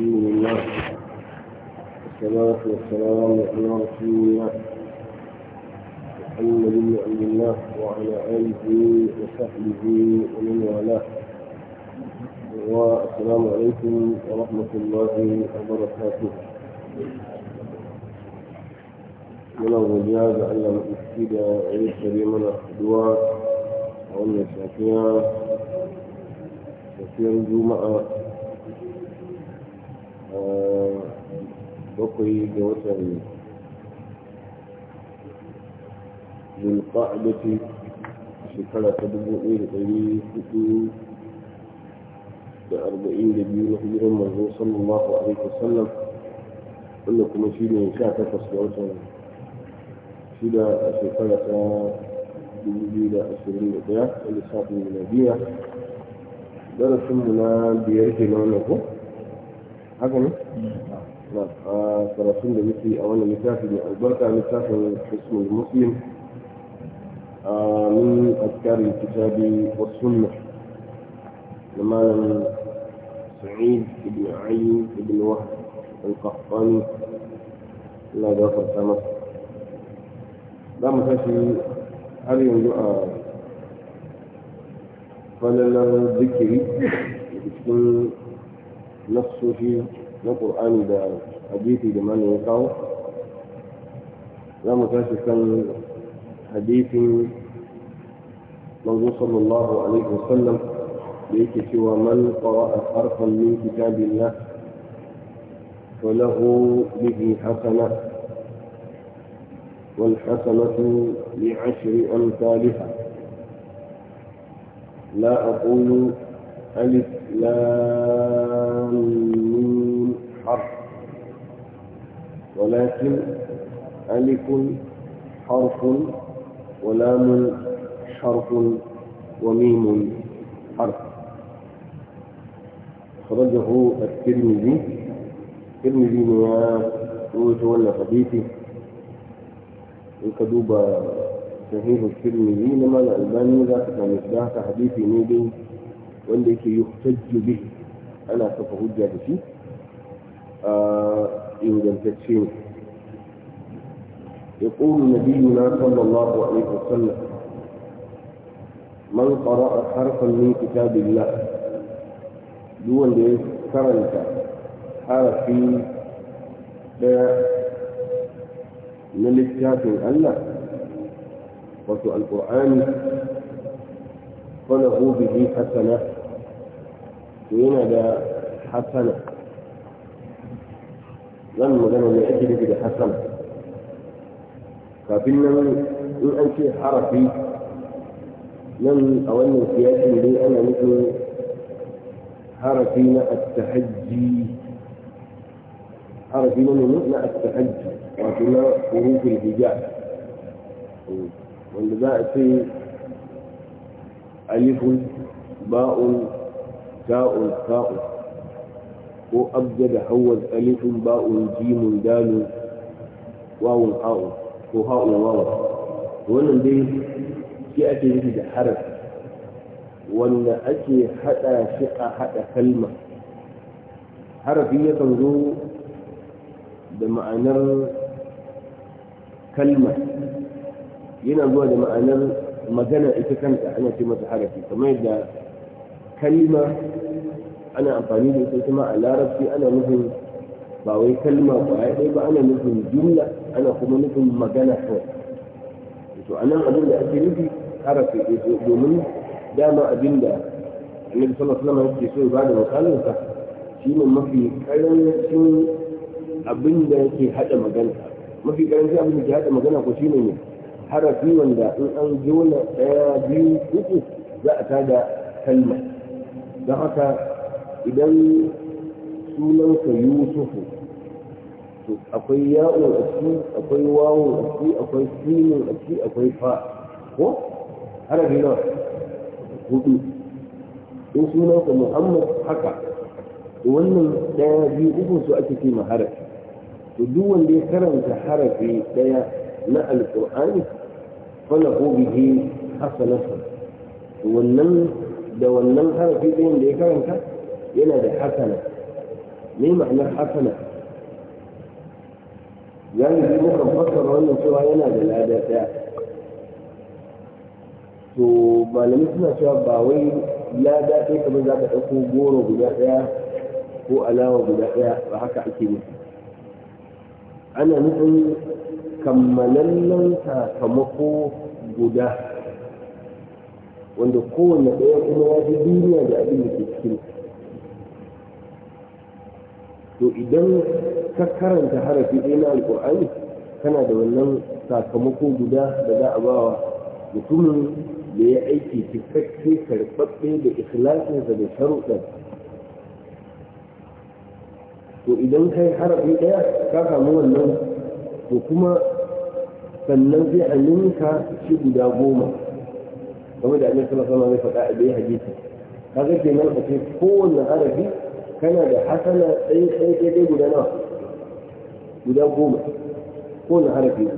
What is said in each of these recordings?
رسول الله والصلاة والسلام على رسول الله محمد بن عبد الله وعلى آله وصحبه ومن والاه والسلام عليكم ورحمة الله وبركاته من الرجال علم السيدة عيد كريمنا الخدوات وأن الشافعية وفي الجمعة bakwai ga watan zulqa'adati shekara ta dubu ɗaya da ɗari hudu da arba'in da biyu na hijiran manzo sallallahu alaihi wasallam wanda kuma shi ne sha takwas ga watan shida a shekara ta dubu biyu da ashirin da ɗaya a lissafin miladiya darasinmu na biyar na ko haka ne mm. karatun da muke a wannan littafi mai albarka littafin hisnul muslim min azkarin kitabi wa sunna da malam sa'id ibn ali ibn wahab al-qahtani Allah ya farta masa za mu tashi har yanzu a falalar zikiri cikin nassoshi na ƙur'ani da hadisi da mana ya kawo za mu tashi kan hadisin manzo sallallahu alaihi wasallam da yake cewa man qara'a harfan min kitabillah فله به حسنة والحسنة لعشر أمثالها لا أقول ألف لام حرف ولكن ألف حرف ولام حرف وميم حرف خرجه الترمذي الترمذي من هو تولى حديثي الكذوب صحيح الترمذي لما الألباني لا تفهم إذا حديثي نيدي والذي يحتج به أنا سوف أجاب فيه ingantacce آه، ne يقول نبينا صلى الله عليه وسلم من قرأ حرفا من كتاب الله دون كرنت حرفي من الكتاب الله قلت القرآن فله به حسنة وينادى حسنة zan magana mai ake nufi da hasana kafin nan in an ce harafi nan a wannan siyasi ne ana nufin harafi na attahajji harafi na nuna na attahajji wato na hurufin hijab wanda za a ce alifun ba'un ta'un ta'un ko abjada awwal alifun ba'un jimun dalun wawun ha'u ko ha'un wawun wannan dai shi ake nufi da harafi wanda ake hada shi a hada kalma harafi yakan zo da ma'anar kalma yana zuwa da ma'anar magana ita kanta ana ce mata harafi kamar yadda kalma ana amfani da ita kuma a larabci ana nufin ba wai kalma kwaya ɗaya ba ana nufin jumla ana kuma nufin magana kawai to a nan abin da ake nufi harafi ɗaya domin dama abin da annabi sallallahu alaihi wasallam yake so ya bada misalinsa shine mafi karancin abin da yake haɗa magana mafi karancin abin da ke haɗa magana ko shine ne harafi wanda in an jona ɗaya biyu uku za a tada kalma don haka idan sunansa yusufu to akwai ya'un a akwai wawon a akwai sinin a akwai fa ko harafi nawa hudu in sunansa muhammad haka wannan daya biyu uku su ake ce ma harafi to duk wanda ya karanta harafi daya na alkur'ani ko bihi hasanatu wannan da wannan harafi ɗayan da ya karanta yana da hasana me ma'anar hasana ya yi zai muka fassara wannan cewa yana da lada ɗaya to malamai suna cewa ba wai lada ɗaya kamar za ka ɗauko goro guda ɗaya ko alawa guda ɗaya ba haka ake nufi ana nufin kammalallen sakamako guda wanda kowane ɗaya kuma ya fi duniya da abin da ke cikin to idan ka karanta harafi ɗaya na alƙur'ani kana da wannan sakamako guda da za a ba wa mutumin da ya aiki cikakke karɓaɓɓe da ikhlasinsa da sharuɗar to idan kai harafi ɗaya ka samu wannan to kuma sannan zai a ninka shi guda goma game da annabi sallallahu alaihi wasallam ya faɗa a ka hadisi kaga kenan a ce kowanne harafi kana da hasana ɗaya ɗaya ɗaya guda nawa guda goma ko na harafi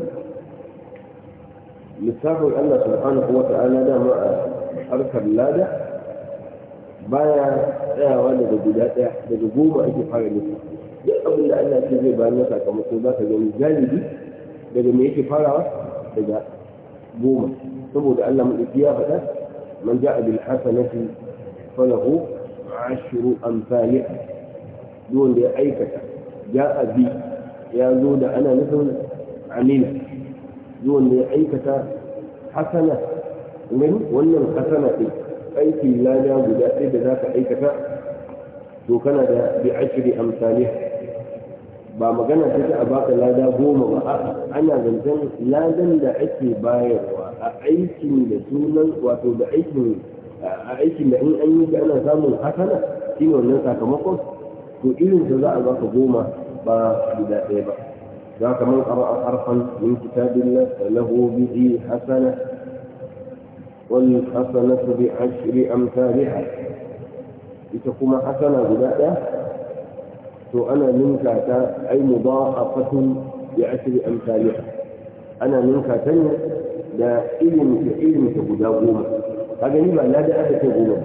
lissafin Allah subhanahu wa ta'ala dama a harkar lada baya tsayawa daga guda ɗaya daga goma ake fara lissafi duk abin da Allah ce zai bayar na sakamako za ka gani galibi daga me yake farawa daga goma saboda Allah mu ya faɗa man ja'a bil hasanati falahu ashru amfani duwan da ya aikata ya abi ya zo da ana nufin amina duwan da ya aikata hasana gani wannan hasana ɗin aiki lada guda ɗaya da zaka aikata to kana da bi ashri amfani ba magana ta ta a baka lada goma ba a ana zancen ladan da ake bayarwa a aikin da sunan wato da aikin aikin da in an yi shi ana samun hasana shi ne wannan sakamakon to irin ta za a ka goma ba guda ɗaya ba za ka man ƙara a harfan min kitabillah lahu bihi hasana wani hasana hasanatu bi shiri ashri amsalha ita kuma hasana guda ɗaya to ana ninka ta ai mudha'afatun bi ashri amsalha ana ninka ta ne da irin ta irin ta guda goma kaga ni ba lada aka ce goma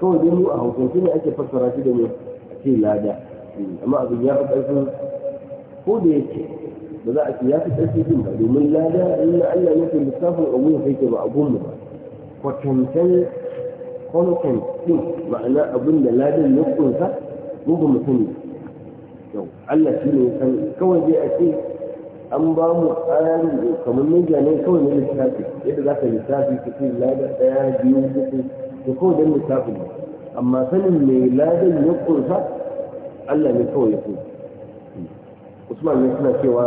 kawai dai mu a hausance ne ake fassara shi da mu a ce lada amma abin ya fi ƙarfin ko da yake ba za a ce ya fi ƙarfi din ba domin lada in na Allah ya fi lissafin abun sai ke ba a goma ba kwatantan content din ma'ana abin da ladan ya kunsa mu ba mu sani Allah shi ne kawai dai a ce an ba mu tsari kamar ninja ne kawai na lissafi yadda za ka lissafi cikin lada ɗaya biyu uku da kawai don lissafi ne amma sanin mai ladan ya kunsa Allah ne kawai ya kunsa Usman ne suna cewa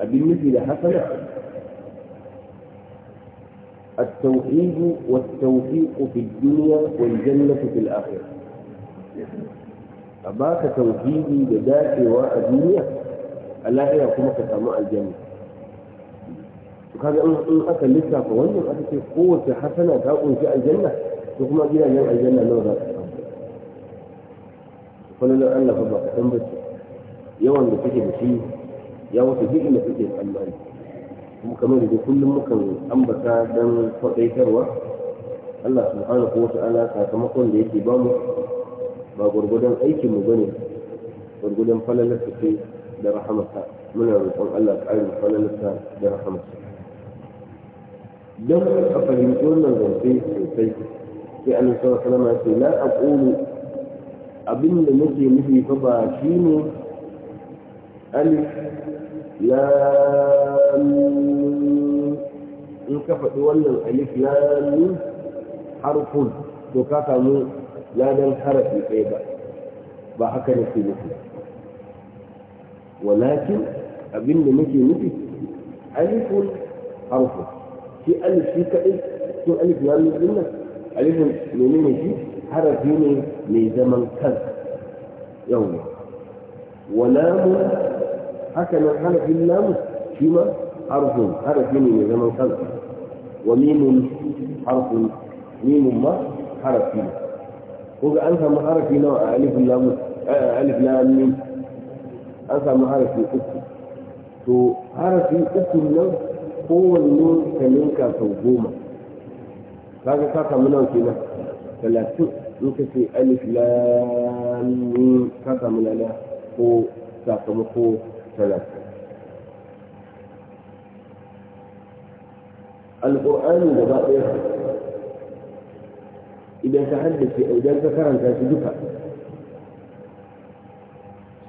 abin nufi da hasana التوحيد والتوفيق في الدنيا والجنة في الآخرة أباك توحيدي بداخل وأدنيا a lahira kuma ka samu aljanna to kaga in aka lissafa wannan aka ce kowace hasana ta kunshi aljanna to kuma gidajen aljanna nawa za ka samu kullum Allah fa ba san ba yawan da kake da shi ya wata duk da kake tsammani kuma kamar da kullum mukan ambata don faɗaitarwa Allah subhanahu wa ta'ala sakamakon da yake bamu ba gwargwadon aikin mu bane gwargwadon falalar ce da rahamarsa muna roƙon Allah ƙarin falalarsa da rahamarsa don a fahimci wannan zance sosai sai an sa salama ce la aqulu abin da nake nufi fa ba shine alif lam in ka faɗi wannan alif lam harfun to ka samu ladan harafi ɗaya ba ba haka nake nufi ولكن أبن نكي نكي ألف حرف في ألف في كأس في ألف يا نعم ألف جنة ألف نميني في حرفيني ميزمن كذ يوم ولام حكم حرف اللام فيما حرف حرفيني ميزمن كذ وميم حرف ميم ما حرفيني وقال أنها ما حرفيني ألف لام ألف لام ميم an samu harafi uku to harafi uku nan kowanne ka ninka sau goma kaga ka samu nawa kenan talatin in ka ce alif lamin ka samu lala ko sakamako talatin alƙur'ani gaba ɗaya idan ka haddace idan ka karanta shi duka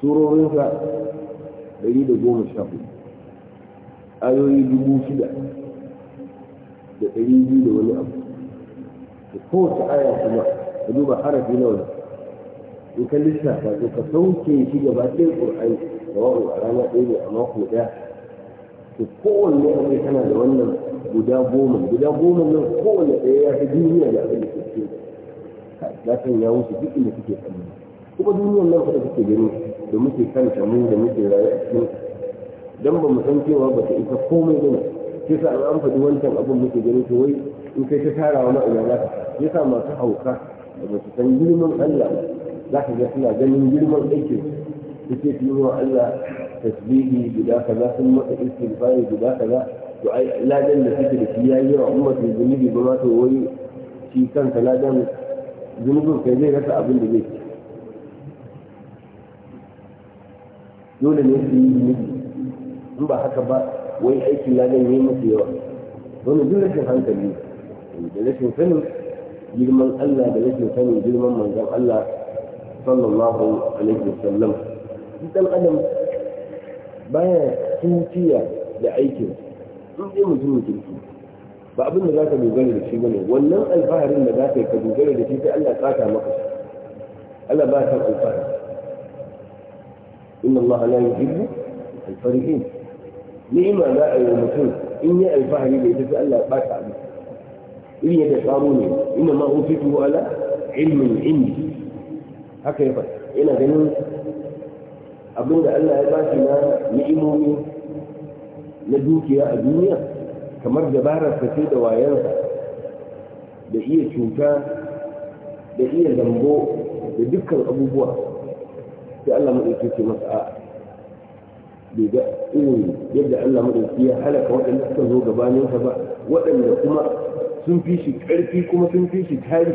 سرور ينفع يريد قوم الشاطئ أيو يجبو شدع يريد يجيد ولي أبو فوت آية الله يجب حرف لولا يمكن لسه فتصوي كي يشيد باتي القرآن سواء أرانا إيه أماق مداح فقول لأمي كان لولا بدا بوما بدا بوما من قول يا دنيا يا أبي لكن يوم تجيك إنك تجيك أمي وبدون يوم لا تجيك أمي da muke kanta mu da muke rayu a cikin dan ba mu san cewa ba ta isa komai bane sai sa an an faɗi wancan abin muke gani to wai in kai ta tarawa ma ina za ka sa masu hauka da ba su san girman Allah ba za ka ga suna ganin girman aikin suke fi wa Allah tasbihi guda kaza sun masa istighfari guda kaza to ai ladan da suke da shi yayi yawa umma zunubi ba ma to wai shi kansa ladan zunubin kai zai rasa abin da zai ci dole ne su yi zunubi in ba haka ba wai aikin ladan ya yi musu yawa wani duk rashin hankali da rashin sanin girman Allah da rashin sanin girman manzon Allah sallallahu alaihi wasallam duk dan adam baya tuntiya da aikin in dai mutum kirki ba abin da zaka dogara da shi bane wannan alfaharin da zaka yi ka dogara da shi sai Allah ya tsaka maka Allah ba ta alfahari إن الله لا يحب الفريقين لما لا يمتون إني الفهر ليس فألا باتع بي إني يتشعروني إنما أوفيته على علم عندي هكذا إلى ذنون أبدا ألا يباتنا نعموني ندوك يا أدنيا كما الجبارة فسيدة وعيانك بإيه شوكا بإيه لمبو بذكر أبو بوه الله ما يجي في مسعى بيقول يبدا الله ما يجي فيها حلقه وقت اللي حصل هو جباني وكذا وقت اللي كما سن في شيء كرفي كما سن في شيء كاري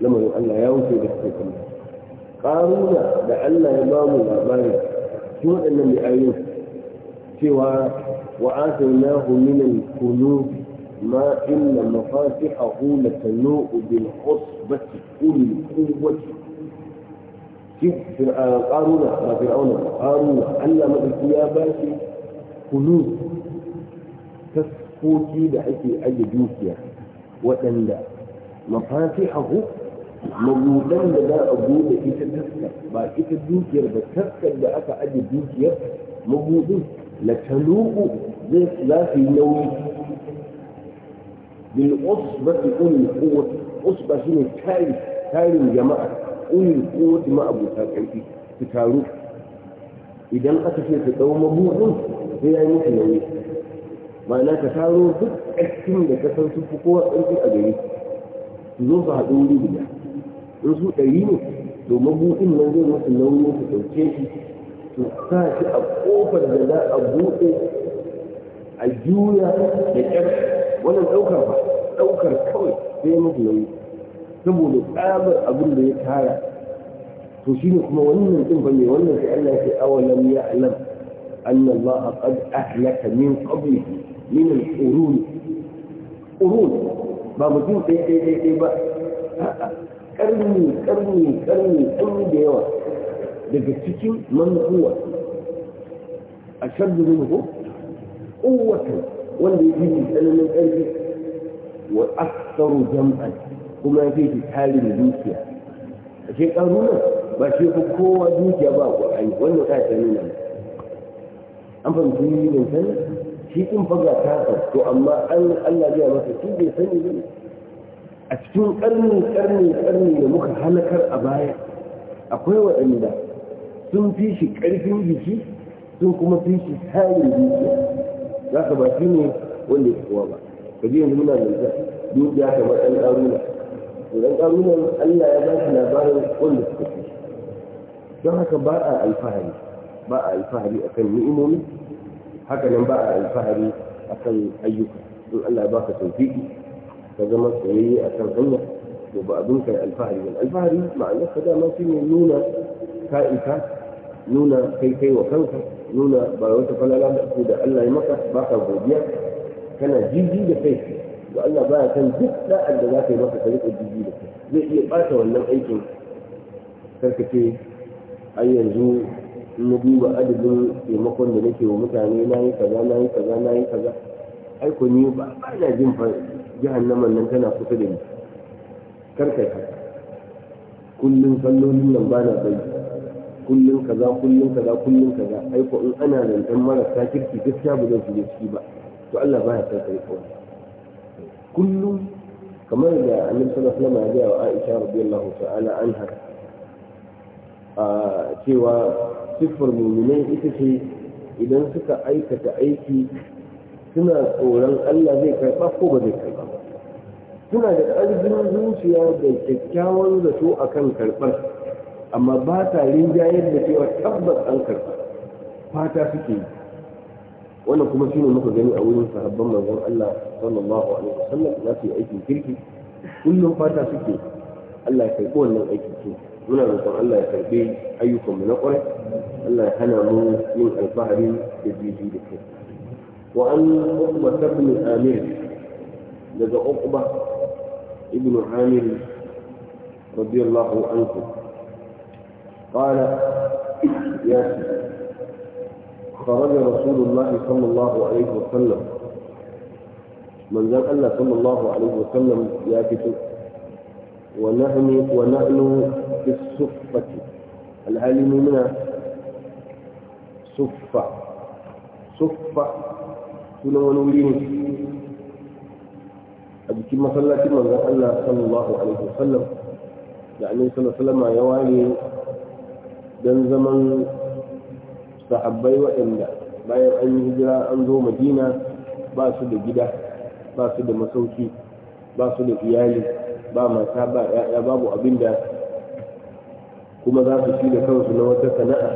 لما يقول الله يوم في بحثك قارونا دع الله يبام الله شو ان اللي ايوه سوى وآتيناه من الكنوز ما إن مفاتحه لتنوء بالعصبة أولي القوة قارون ما فرعون قارون ألا ما كنوز تسكوتي بحيث أي جوكيا وتندى مفاتحه موجودا da za إذا bude بعد إذا ba ita dukiyar أي taskar موجودا لتنوء aje dukiyar bil usbati ulil quwwati usba shine tari tarin jama'a ulil quwwati ma abuta karfi su taru idan aka ce ka tsawo mabuɗin sai ya yi muku nauyi ma'ana ka taro duk ƙarfin da ka san su fi kowa ƙarfi a gari su zo su haɗu wuri guda in su ɗari ne to mabuɗin nan zai musu nauyi su ɗauke shi su sa a ƙofar da a buɗe a juya da 'yar. wannan ɗaukar ba ɗaukar kawai sai mafi nauyi saboda tsabar abin da ya tara to shi ne kuma wannan ɗin ba mai wannan sai Allah ya awalam ya alam أن الله قد أهلك من قبله من القرون قرون ما بدون تي تي تي تي بقى كرني كرني كرني أي ديوة دقتكم من هو أشد منه قوة wanda ya fi tsananin ƙarfi wa aksaru jam'an kuma ya fi tarin dukiya a shekaru nan ba shi fi kowa dukiya ba ku ƙwa'ani wannan ta ta nuna an fahimci yi bin sani shi in faga ta to amma an allah zai masa shi bai sani ne a cikin ƙarni ƙarni ƙarni da muka halakar a baya akwai waɗanda sun fi shi ƙarfin jiki sun kuma fi shi tarin dukiya za ka ba shi ne wanda ya kowa ba ka je yanzu muna mai ya kamar ɗan ƙaruna to ɗan ƙarunan Allah ya ba shi labarin wanda suka fi don haka ba a alfahari ba a alfahari akan ni'imomi haka nan ba a alfahari akan ayyuka in Allah ba ka tawfiki ka zama tsayayye akan hanya to ba abin kai alfahari ba alfahari ma'anar ka dama shi ne nuna ka'ika nuna kai kai wa kanka nuna ba wata falala da ku da Allah ya maka ba ka godiya kana jiji da kai to Allah baya san duk da'ar da za ka yi maka ka riƙa jiji da kai zai iya ɓata wannan aikin karkace ai yanzu in na duba adadin taimakon da nake wa mutane na yi kaza na yi kaza na yi kaza ai ku ni ba na jin fa jahannaman nan tana kusa da ni karkai kullum sallolin nan ba na bai kullum kaza kullum kaza kullum kaza ai ko in ana nan dan marasa kirki gaskiya ba zan shige ciki ba to Allah baya san kai kawai kullum kamar da annabi sallallahu alaihi wasallam ya ga Aisha radiyallahu ta'ala anha a cewa siffar mu'minai ita ce idan suka aikata aiki suna tsoron Allah zai karba ko ba zai karba suna da ƙarfin zuciya da kyakkyawan zato akan karɓar amma ba ta rinjayar da cewa tabbas an karɓa fata suke yi wannan kuma shi shine muka gani a wurin sahabban manzon Allah sallallahu alaihi wasallam za su yi aikin kirki kullum fata suke Allah ya karɓi wannan aikin kirki muna roƙon Allah ya karɓi ayyukan mu na ƙwarai Allah ya hana mu yin alfahari da jiji da kai wa an uqba ibn amir daga uqba ibn amir radiyallahu anhu قال ياسر خرج رسول الله صلى الله عليه وسلم من ذاك الله صلى الله عليه وسلم يا كتب ونحن ونحن في الصفة العالم منها صفة صفة كنا ونولين أبي كما صلى كما قال الله صلى الله عليه وسلم يعني صلى الله عليه وسلم يوالي don zaman sahabbai waɗanda bayan an yi hijira an zo madina ba su da gida ba su da masauki ba su da iyali ba mata ba ya'ya babu abin da kuma za su ci da kansu na wata sana'a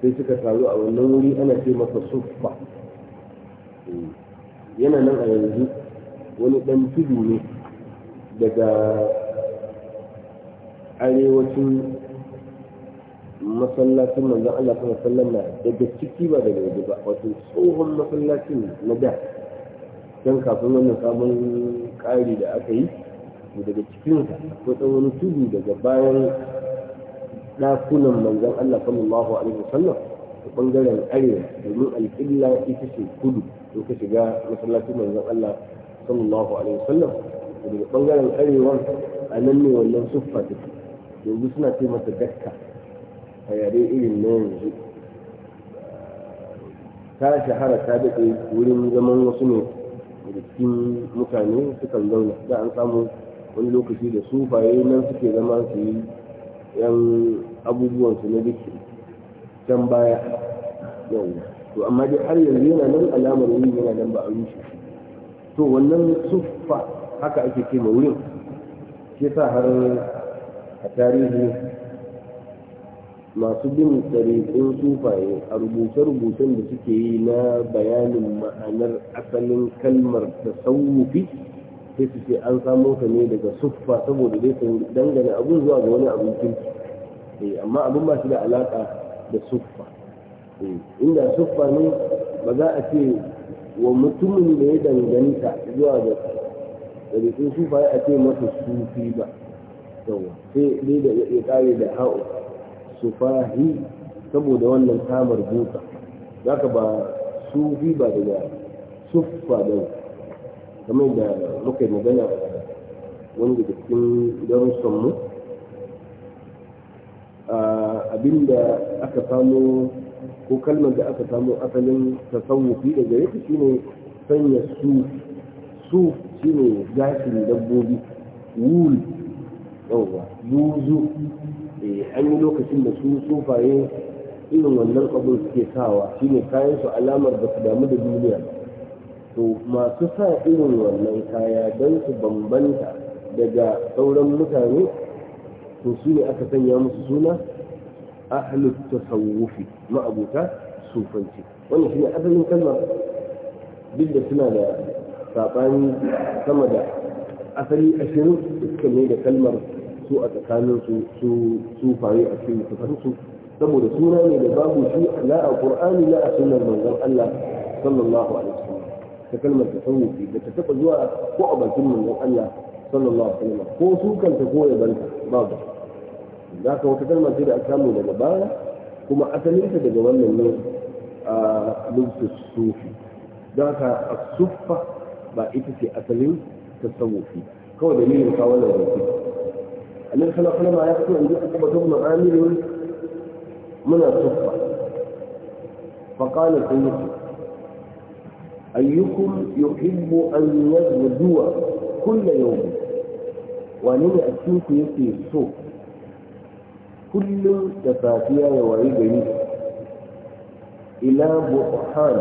sai suka taru a wannan wuri ana ce masa suffa yana nan a yanzu wani ɗan tudu ne daga arewacin masallacin manzon Allah sallallahu alaihi wasallam na daga ciki ba daga waje ba wato tsohon masallacin na da dan kafin wannan sabon ƙari da aka yi daga cikin ko ɗan wani tudu daga bayan ɗakunan manzon Allah sallallahu alaihi wasallam ta ɓangaren arewa domin alƙilla ita ce kudu in ka shiga masallacin manzon Allah sallallahu alaihi wasallam daga ɓangaren arewa a nan ne wannan suffa take yanzu suna ce masa dakka a yare irin na yanzu ta shahara ta daɗe wurin zaman wasu ne da cikin mutane sukan zauna da an samu wani lokaci da sufaye nan suke zama su yi yan abubuwansu na duk can baya yau to amma dai har yanzu yana nan alamar wurin yana nan ba a rushe to wannan sufa haka ake ce ma wurin shi sa har a tarihi masu bin ɗariƙun sufaye a rubuce-rubucen da suke yi na bayanin ma'anar asalin kalmar tasawufi sai su ce an samo ka ne daga suffa saboda zai sun dangane abin zuwa ga wani abin kirki eh, amma abin ba shi da alaƙa da suffa eh, inda suffa ne ba za a ce wa mutumin da ya danganta zuwa ga ɗariƙun sufaye a ce masa sufi ba sai dai da ya ƙare da ha'u sufahi saboda wannan kamar buka zaka ba sufi ba daga sufa da kamar da muka yi magana wanda da cikin darussanmu abinda aka samu ko kalmar da aka samu asalin tasawufi da gare ta shine sanya su su shine gashin dabbobi wul yawwa zuzu Eh, an yi lokacin da su sufaye irin wannan abin suke sawa shine kayan su alamar da su damu da duniya to masu sa irin wannan kaya don su bambanta daga sauran mutane to su ne aka sanya musu suna ahlut tasawufi ma'abuta sufanci wannan shine asalin kalma duk da suna da saɓani sama da asali ashirin suka ne da kalmar su a tsakanin su su su a cikin su saboda suna ne da babu shi la a qur'ani la a sunnar manzon Allah sallallahu alaihi wasallam ta kalmar tasawufi da ta taba zuwa ko a bakin manzon Allah sallallahu alaihi wasallam ko su kanta ko ya banta babu da ka wata kalmar ce da aka samu daga baya kuma asalinta daga wannan ne a lubsus sufi da ka as-suffa ba ita ce asalin tasawufi kawai dalilin kawo wannan rubutu annabi sallallahu alaihi wasallam ya fito inda aka bato mu amiru muna tsufa fa qala sayyidi ayyukum yuhibbu an yazwa kullu yawm wa ni asyuku yake so Kullum da safiya ya wayi gari ila buhan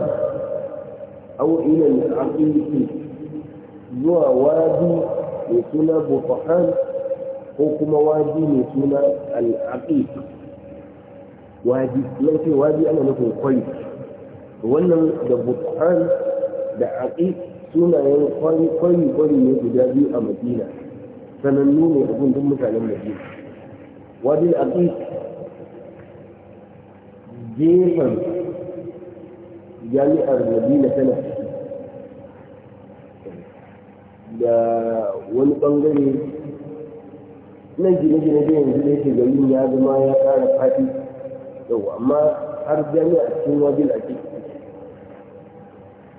aw ila al-aqiqi zuwa wadi ya suna buhan ko kuma waji mai suna al'aqiq waji yan ce waji ana nufin kwari wannan da bukhan da aqiq sunayen kwari kwari kwari ne guda biyu a madina sanannu ne a gundun mutanen madina wajen aqiq gefen jami'ar madina tana da wani bangare na gine-gine da yanzu da yake gari ya zama ya ƙara da yau amma har jami'a a cikin wajen ake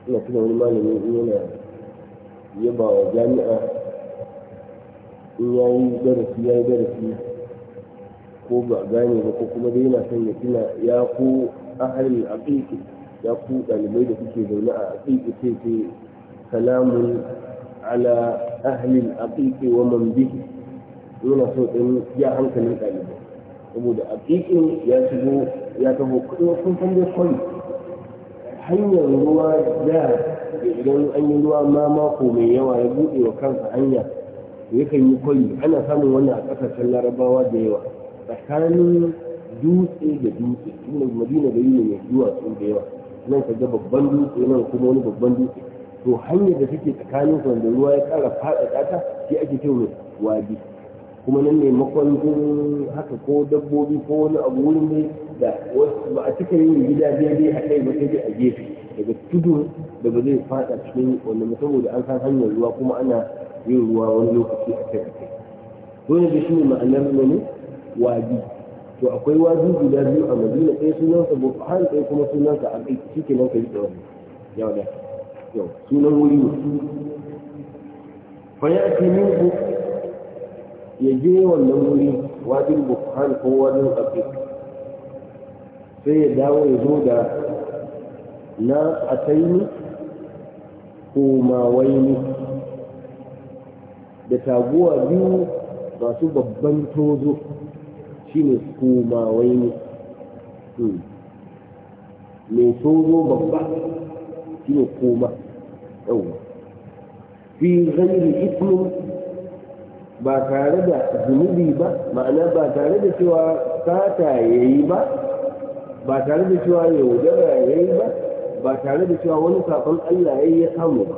ina tuna wani malami in yana yaba wa jami'a in ya yi darasi ya yi darasi ko ba gane ba ko kuma dai yana son ya tuna ya ku ahalin aƙiƙi ya ku ɗalibai da suke zaune a aƙiƙi sai ce salamun ala ahalin aƙiƙi wa man bihi yana so ɗin ya hankalin ɗalibai saboda a ƙiƙin ya shigo ya taho kuɗin sun san dai hanyar ruwa da idan an yi ruwa ma mako mai yawa ya buɗe wa kansa hanya yakan yi kwari ana samun wani a ƙasashen larabawa da yawa tsakanin dutse da dutse ina madina da mai sun da yawa nan ka ga babban dutse nan kuma wani babban dutse to hanyar da take tsakanin wanda ruwa ya ƙara faɗaɗa ta shi ake cewa wadi kuma nan ne makwancin haka ko dabbobi ko wani abu wurin ne da ba a cika yin gida daidai a kai ba sai dai a gefe daga tudu da ba zai fada cikin mutum saboda an san hanyar ruwa kuma ana yin ruwa wani lokaci a kai kai dole da shi ne ma'anar ne wadi to akwai wadi guda biyu a madina ɗaya sunansa har ɗaya kuma sunansa a kai shi ke nan ka riƙe wani yau da yau sunan wuri ne fa ya ce min ya je wannan wuri wajen bukhan ko wajen abu sai ya dawo ya zo da na ataini ko mawaini da taguwa biyu masu babban tozo shi ne wai ni, hmm. mai tozo babba shi ne kuma yau fi ghairi ismin ba tare da zunubi ba ma'ana ba tare da cewa sata ya yi ba ba tare da cewa yaudara ya yi ba ba tare da cewa wani sakon Allah ya yi ya samu ba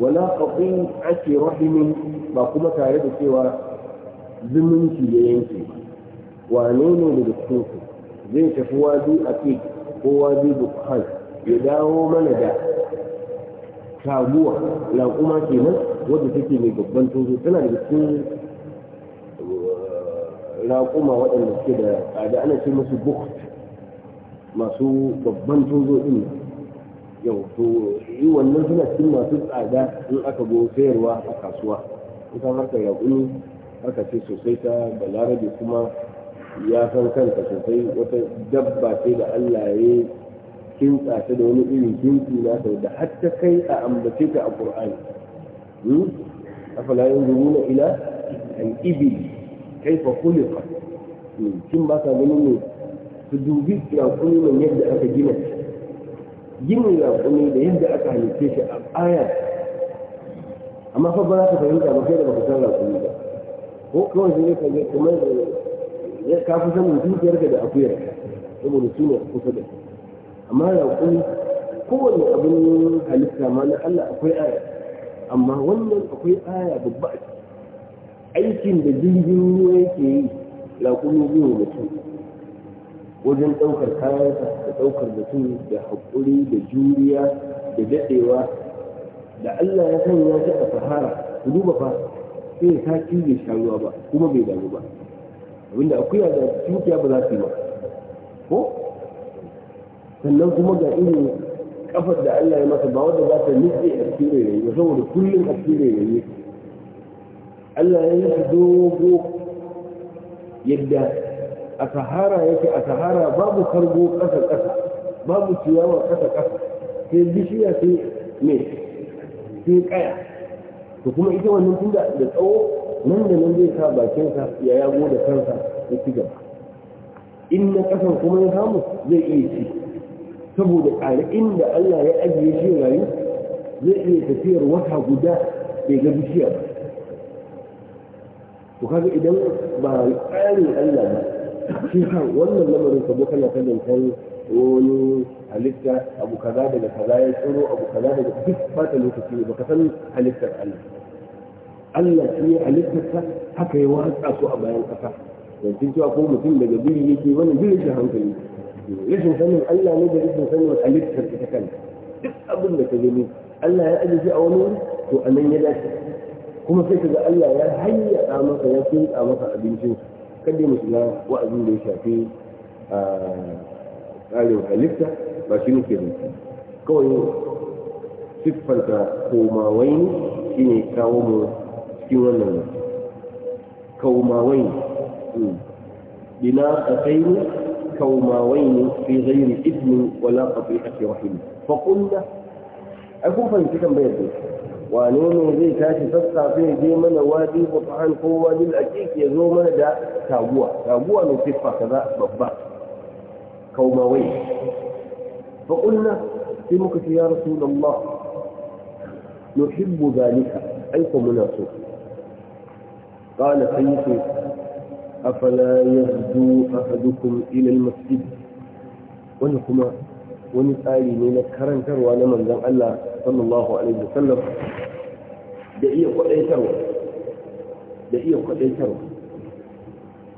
wala ƙaƙi ake rahimin ba kuma tare da cewa zumunci ya yanke ba wane ne da ku zai tafi wazi a ko wazi bukhan ya dawo mana da taguwa laƙuma kenan wadda take mai babban tozo tana da su laƙuma eh, waɗanda suke da tsada ana ce musu bukut masu babban tozo ɗin yau to yi wannan suna cikin masu tsada in aka go sayarwa a kasuwa ita harka yaƙuni harka ce sosai ta balarabe kuma ya san kanta sosai wata dabba ce da allah ya kinsa ta da wani irin kinki na sau da hatta kai a ambace ta a qur'ani hmm? afala na ila al-ibil kaifa khuliqat kin hmm, ba ka ganin ne su dubi raƙumi mai yadda aka gina shi ginin raƙumi da yadda aka halitta shi a aya amma fa ba za ka fahimta ba kai da baka san raƙumi ba ko kawai zai ka ga kamar eh, ka fi sanin ka da akuyar saboda su ne kusa da su amma raƙumi kowane abin halitta ma na Allah akwai aya amma wannan akwai aya babba aikin da jirgin ruwa yake yi raƙumi biyu mutum wajen ɗaukar kayansa da ɗaukar mutum da haƙuri da juriya da daɗewa da Allah ya sanya shi a sahara ku duba fa sai ta cije sha ba kuma bai damu ba abinda akuya da tunkiya ba za su yi ba ko sannan kuma ga irin kafar da Allah ya masa ba wanda za ta nufi a cikin rairayi saboda kullum a cikin rairayi Allah ya yi dogo yadda a sahara yake a sahara babu kargo ƙasa ƙasa babu ciyawa ƙasa ƙasa sai bishiya sai mai sai kaya to kuma ita wannan tunda da tsawo nan da nan zai sa bakinsa ya yago da kansa ya ci gaba in na ƙasan kuma ya samu zai iya ci saboda ƙari inda Allah ya ajiye shi rayu zai iya tafiyar wata guda bai ga bishiya ba Ku kaga idan ba tsarin Allah ba shi sa wannan lamarin ka kana kanin kan wani halitta abu kaza daga kaza ya tsoro abu kaza daga duk bata lokaci ne baka san halittar Allah Allah shi ya halittarsa haka ya watsa su a bayan ƙasa yanzu cewa ko mutum daga biri yake wannan biri shi hankali rashin sanin Allah ne da rashin sanin halittar ta kan? duk abin da ka gani Allah ya ajiye a wani wuri to a nan ya dace kuma sai kaga Allah ya hayyaka maka ya kinka maka abincin kada mu shiga wa'azin da ya shafi tsarin halitta ba shi ne ke kawai siffanta komawai ne shi kawo mu cikin wannan wai. Ina a kai كوماوين في غير اذن ولا قطيعة رحيم فقلنا أكون فانتكم بيدي وانونو ذي كاشي تسقى فيه دي من وادي بطحان قوة للأجيك يزو من دا تابوة من نصفة كذا ببا كوماوين فقلنا سمك يا رسول الله نحب ذلك أي قمنا قال سيدي أفلا يهدو أحدكم إلى المسجد masjid wani kuma wani tsari ne na karantarwa na manzon Allah sallallahu alaihi wasallam da da iya kwadaitarwa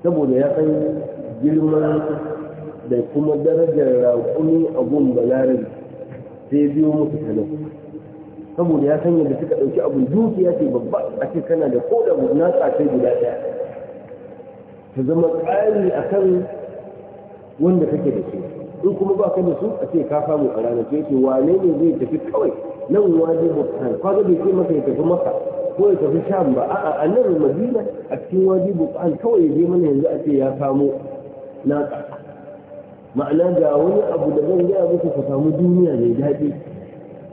saboda ya san girman da kuma darajar raƙumi a gun sai biyo saboda ya sanya yadda suka ɗauki abin dukiya ce babba a ce kana da ko da na tsakai guda ɗaya ta zama tsari a kan wanda kake da shi in kuma ba ka da su a ce ka samu a ranar ce ce wane ne zai tafi kawai nan waje bukhan kwaga bai ce maka ya tafi maka ko ya tafi sham ba a'a a nan madina a cikin waje bukhan kawai ya je mana yanzu a ce ya samu naka ma'ana ga wani abu da zan gaya muku ku samu duniya mai daɗi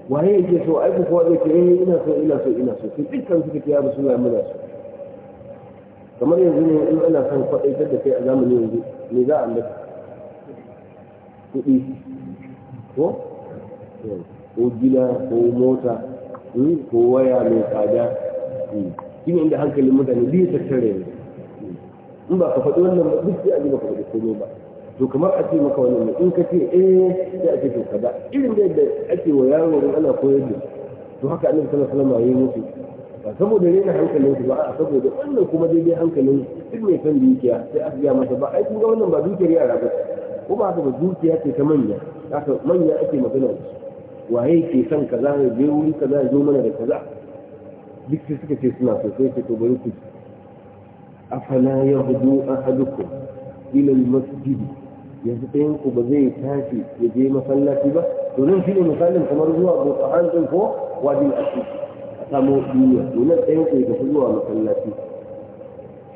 waye yake so aiki kowa zai ce eh ina so ina so ina so sai dukkan suka ce ya rasu muna so kamar yanzu ne in ana son kwaɗaitar da kai a zamanin yanzu me za a ambata kuɗi ko ko gida ko mota hmm, ko waya mai tsada hmm. shi ne inda hankalin mutane biyu tare yanzu in ba ka faɗi wannan ba duk sai a ji ka faɗi komai ba to kamar a ce maka wannan ne in ka ce eh sai a ce to kaza irin da yadda ake wa yaro ana koyar da to haka annabi sallallahu alaihi wasallam ya yi musu ba saboda ne na hankalin su ba a saboda wannan kuma daidai hankalin duk mai son dukiya sai aka gaya masa ba ai kun ga wannan ba dukiyar yara ba ko ba haka dukiya ce ta manya haka manya ake magana da su waye ke son kaza ya je wuri kaza ya zo mana da kaza duk sai suka ce suna so sai ce to bari ku afala yahdu ahadukum ila almasjid yanzu ɗayan ku ba zai tashi ya je masallaci ba to nan shine misalin kamar zuwa ga ko wajen asibiti samo duniya domin tsayin kai da zuwa masallaci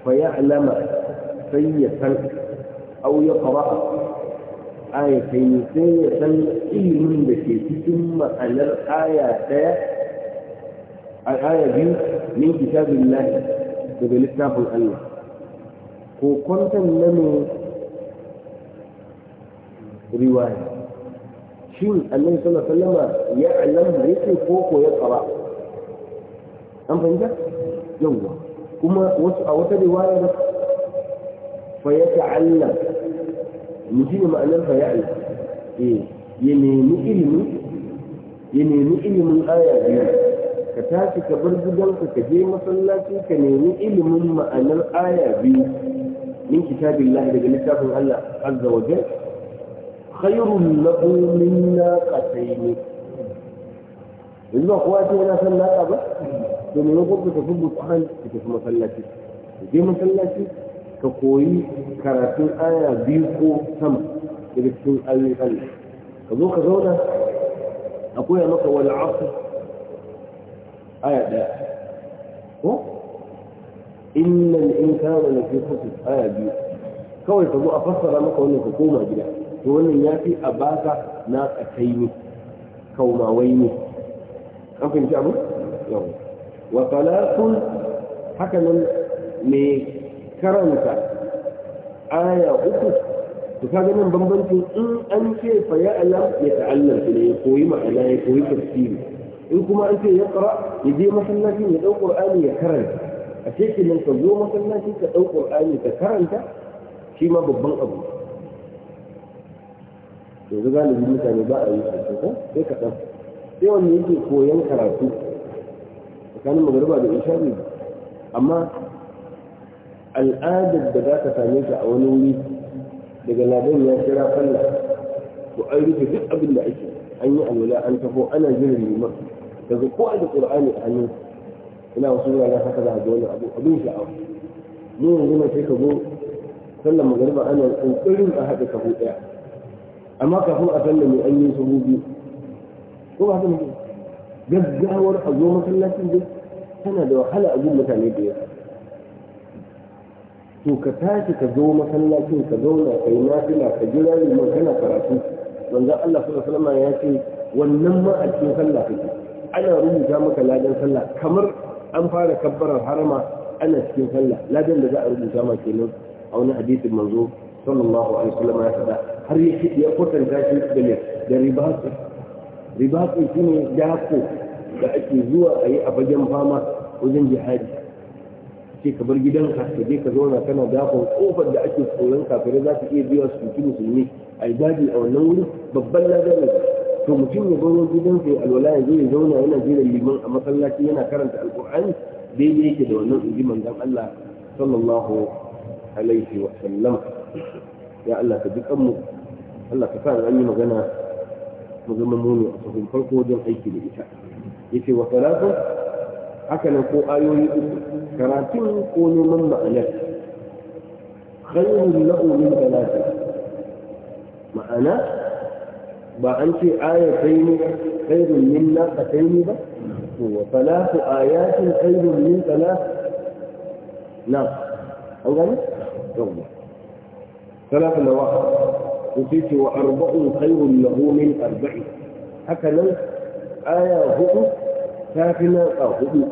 fa ya alama sai ya san au ya fara ayatai sai ya san ilimin da ke cikin ma'anar aya daya a aya biyu min kitabin lahi daga littafin Allah ko kwantan na ne riwaya shin annabi sallallahu alaihi wasallama ya alam yake ko ko ya fara an fahimta yawwa kuma wasu a wata riwayar fa ya ta'allam mutum ma'anar fa ya'lam eh ya nemi ilimi ya nemi ilimin aya biyu ka tashi ka bar gidanka ka je masallaci ka nemi ilimin ma'anar aya biyu min kitabillahi daga littafin Allah azza wa jal khairun lahu min naqatayn yanzu ba kowa ce yana san naqa ba to ne ko ka tafi bukhan ka tafi masallaci ka je masallaci ka koyi karatun aya biyu ko sama daga cikin ayoyin Allah ka zo ka zauna a koya maka wal asr aya daya ko innal insana lafi khusr aya biyu kawai ka zo a fassara maka wannan ka koma gida to wannan ya fi a baka na tsakaini kaumawai ne an fahimci abu yawon wa talaqul haka nan karanta aya uku to kaga nan bambancin in an ce fa ya alam ya ta'allam ne ya koyi ma'ana ya koyi tafsiri in kuma an ce ya qara ya je masallaci ya dau qur'ani ya karanta a ce nan ka zo masallaci ka dau qur'ani ka karanta shi ma babban abu yanzu galibin mutane ba a yi sosai ko sai ka ɗan sai wanda yake koyon karatu كان مغربا بإنشابي أما الآد الدقاة تانيك أولوني لقال لابين يا شراء فلا وأيضا جزء بالله عشر أن يعلو لا أن تفو أنا جنر لما تذكوا أيضا قرآني أن إلا وصول الله فقد أدوان أبو أبو شعر مو هنا شيخ أبو فلا مغربا أنا أن أعلم أحد كفو إعلم أما كفو أفلا من أي سبوبي هو هذا مجد جزاور حضور مثلا لكن جزء tana da wahala a bin mutane da yawa to ka tashi ka zo masallacin ka zauna ka yi nafila ka jira liman kana karatu manzon Allah sallallahu alaihi ya ce wannan ma a cikin sallah kake ana rubuta maka ladan sallah kamar an fara kabbarar harama ana cikin sallah ladan da za a rubuta ma kenan a wani hadisin manzo sallallahu alaihi wasallam ya faɗa har ya shi ya kwatanta shi da da ribatu ribatu shine dako da ake zuwa a yi a fagen fama wajen jihadi ce ka bar gidan ka je ka zauna kana dafa kofar da ake tsoron kafirai za ka iya biya su ki musulmi a daji a wannan wuri babban lada ne to mutum ya baro gidan ya alwala ya zo ya zauna yana jira liman a masallaci yana karanta alkur'ani daidai yake da wannan uji manzon Allah sallallahu alaihi wa sallam ya Allah ka ji kanmu Allah ka sa an yi magana mu zama mu ne a farko wajen aiki da ita yace wa salatu haka nan ko ayoyi uku karatun ko neman ma'anar khairun lahu min talata ma'ana ba an ce ayatai ne khairun min naqatai ne ba to wa talatu ayatin khairun min talat na an gani yawwa talatu nawaha وتيتي وأربع خير له من أربع هكذا aya هدو ta fi a hudu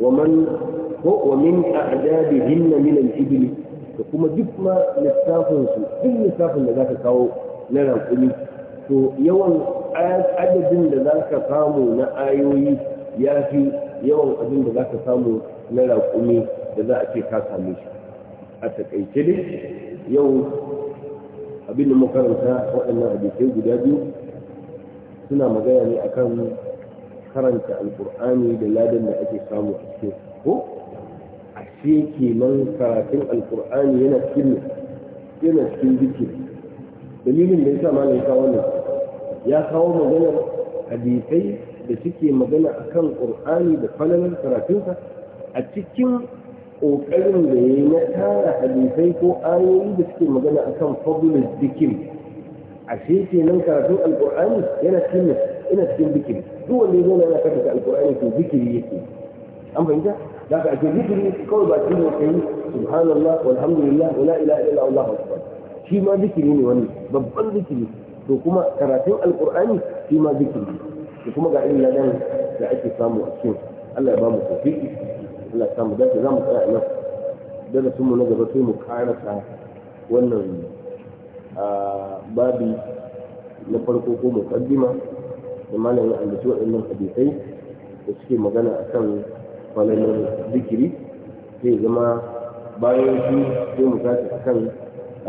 wa man ko wa min a'dadihinna min al-ibli da kuma duk ma lissafin duk lissafin da zaka kawo na rankumi to yawan adadin da zaka samu na ayoyi ya fi yawan abin da zaka samu na rankumi da za a ce ka same a takaice dai yau abin da makaranta waɗannan hadisai guda biyu suna magana ne akan karanta alkur'ani da ladan da ake samu a cikin ko a ce kenan karatun alkur'ani yana cikin yana cikin dalilin da yasa malam ya kawo ya kawo maganar hadisai da suke magana akan ƙur'ani da falalar karatunsa a cikin ƙoƙarin da ya yi na tara hadisai ko ayoyi da suke magana akan fadlul bikin a ce nan karatun alkur'ani yana cikin bikin. cikin zikiri duk wanda ya zauna yana karanta alkur'ani to zikiri yake an fahimta da ka ake zikiri kawai ba cikin ka yi subhanallah walhamdulillah wala ilaha illa allah akbar shi ma zikiri ne wannan babban zikiri to kuma karatun alkur'ani shi ma zikiri to kuma ga irin ladan da ake samu a cikin Allah ya ba mu tafiki Allah ya samu dace za mu tsaya nan darasin mu na gaba sai mu karasa wannan ah, babi na farko ko mukaddima da malamin ambaci waɗannan hadisai da suke magana a kan falalar zikiri zai zama bayan su sai mu tashi a kan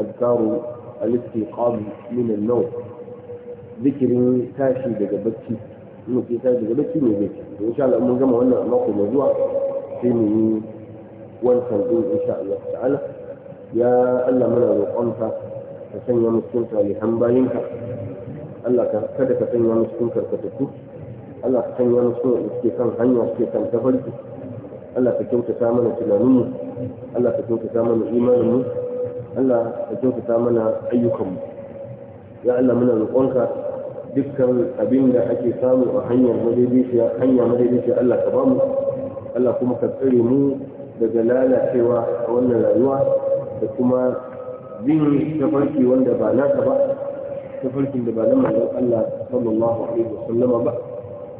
azkaru al-istiqam min an-nawm zikirin tashi daga bacci mu ke tashi daga bacci ne zai in sha Allah mun gama wannan a mako mai zuwa sai mu yi wancan din insha Allah ta'ala ya Allah muna roƙonka ka sanya mu cikin bayinka Allah ka kada ka sanya mu cikin karkatattu Allah ka sanya mu cikin wanda suke kan hanya suke kan tafarki Allah ka ta mana tunaninmu Allah ka ta mana imaninmu Allah ka ta mana ayyukanmu ya Allah muna roƙonka dukkan abin da ake samu a hanyar madaidaiciya hanya madaidaiciya Allah ka bamu Allah kuma ka tsare mu daga lalacewa a wannan rayuwa da kuma bin tafarki wanda ba naka ba tafarkin da ba na manzon Allah sallallahu alaihi wasallama ba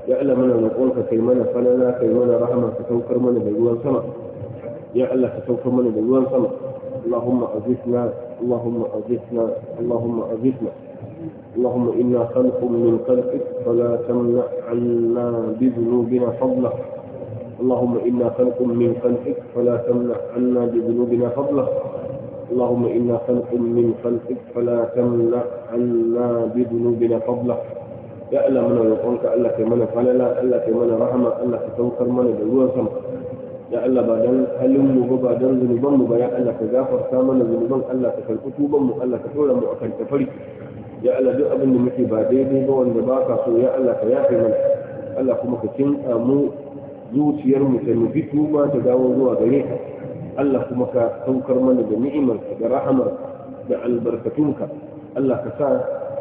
ya Allah mana roƙonka kai mana falala kai mana rahama ka saukar mana da ruwan sama ya Allah ka saukar mana da ruwan sama اللهم azizna اللهم azizna اللهم أغثنا اللهم إنا خلق من خلقك فلا تمنع عنا بذنوبنا فضلك اللهم إنا خلق من خلقك فلا تمنع عنا بذنوبنا فضلك اللهم إنا خلق من خلقك فلا تمنع عنا بذنوبنا فضلك يا ألا من يقولك ألا كمن فللا ألا كمن رحمة ألا كتوكر من دلوة سمع يا ألا بعدين هلم وبعدين ذنوبا ويا ألا كجافر ثامن ذنوبا ألا كتوبا ألا كتولا مؤكل كفري ya Allah duk abin da muke ba daidai ba wanda ba ka so ya Allah ka yafe mana Allah kuma ka kinka mu zuciyar mu ta nufi tuba ta dawo zuwa gare ka Allah kuma ka saukar mana da ni'imarka da rahamarka da albarkatunka Allah ka sa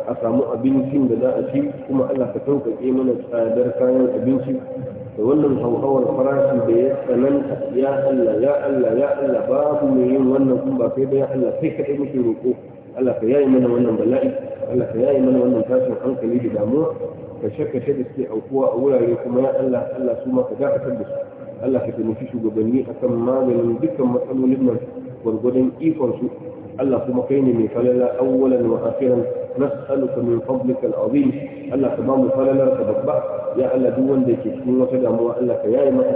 a samu abincin da za a ci kuma Allah ka sauƙaƙe mana tsadar kayan abinci da wannan hauhawar farashi da ya tsananta ya Allah ya Allah ya Allah babu mai yin wannan kun ba ba ya Allah kai kaɗai muke roƙo Allah ka yayi mana wannan bala'i Allah ka yayi mana wannan tashin hankali da damuwa ka shakka da suke aukuwa a wurare kuma ya Allah Allah su ma ka dakatar da su Allah ka taimaki shugabanni akan maganin dukkan matsalolin nan gwargwadon ikonsu Allah kuma kai ne mai falala awwalan wa akhiran nas'aluka min fadlikal azim Allah ka ba mu falalar ka babba ya Allah duk wanda yake cikin wata damuwa Allah ka yaye masa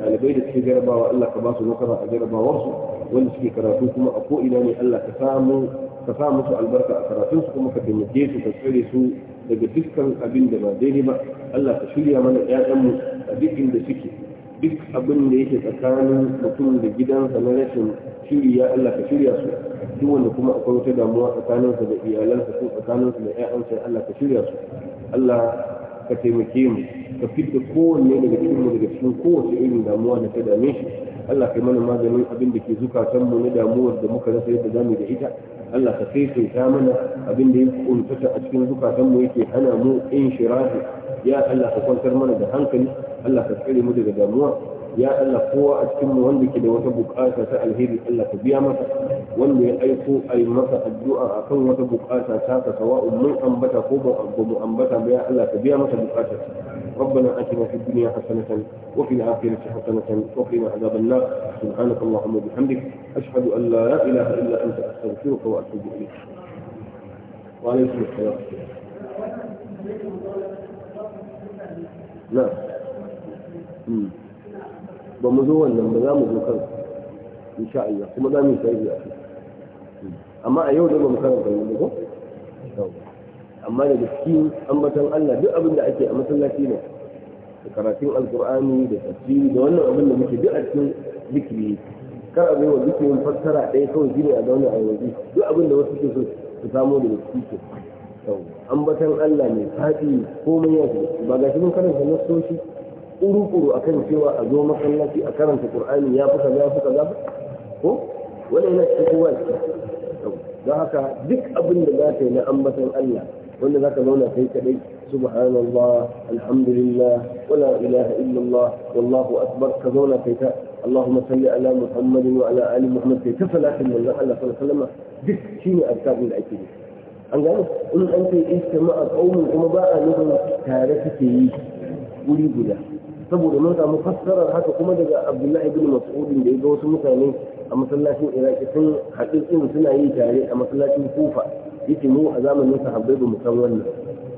dalibai da suke jarabawa Allah ka ba su nukara a jarabawarsu wanda suke karatu kuma a ko'ina ne Allah ka samu ka sa musu albarka a karatun su kuma ka taimake su ka tsare su daga dukkan abinda ba daidai ba Allah ka shirya mana ƴaƴanmu a duk inda suke duk abin da yake tsakanin mutum da gidansa na rashin shiri Allah ka shirya su duk wanda kuma akwai wata damuwa tsakaninsa da iyalansa ko tsakaninsa da ƴaƴansa Allah ka shirya su Allah ka taimake mu ka fitta kowanne daga cikin mu daga cikin kowace irin damuwa da ta dame shi Allah kai mana maganin abin da ke zukatan mu na damuwar da muka rasa yadda zamu da ita Allah ka saisaita mana abin da ya kuntata a cikin zukatan mu yake hana mu in shirahi ya Allah ka kwantar mana da hankali الله تفعيل مدة جموع يا الله قوة أتكم وندك لو تبك آسا سأل هيد الله تبيامة وندي أيقو أي مطا الجوء أكم وتبك آسا سأل سواء من أنبتا قوة أبو أنبتا بيا الله تبيامة تبك ربنا آتنا في الدنيا حسنة وفي العافية حسنة وفينا عذاب النار سبحانك اللهم وبحمدك أشهد أن لا إله إلا أنت أستغفرك وأتوب إليك وعليكم السلام نعم ba mu zo wannan ba za mu zo kan insha Allah kuma za mu yi sai a amma a yau da ba mu karanta wannan ba amma da an batan Allah duk abin da ake a masallaci ne da karatun alkur'ani da tafsiri da wannan abin da muke duk a cikin zikiri kar abin wa zikirin fassara ɗaya kawai shine a zaune a yanzu duk abin da wasu ke so su samu da An batan Allah ne faɗi komai ya ba ga shi mun karanta nasoshi kuru-kuru a kan cewa a zo masallaci a karanta ƙur'ani ya fi kaza ya fi kaza ko wani yana cikin kowa ce don haka duk abin da za ka yi na ambatan Allah wanda za ka zauna kai kaɗai subhanallah alhamdulillah wala ilaha illallah wallahu akbar ka zauna kai ta salli ala muhammadin wa ala ali muhammad kai تفلا في من الله صلى الله عليه وسلم دك شيني اذكار ake yi an gano in an kai iska ma'a kaumin kuma ba a nufin tare suke yi wuri guda saboda mun samu fassarar haka kuma daga abdullahi bin mas'udin da ya ga wasu mutane a masallacin iraki sun haɗu suna yi tare a masallacin kufa yake mu a zamanin sahabbai ba mu san wannan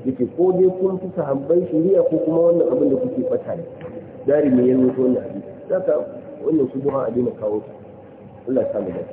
yake ko dai kun fi sahabbai shari'a ko kuma wannan abin da kuke fata ne dari mai yanzu ko wannan abin saka wannan shubuha a daina kawo Allah ya samu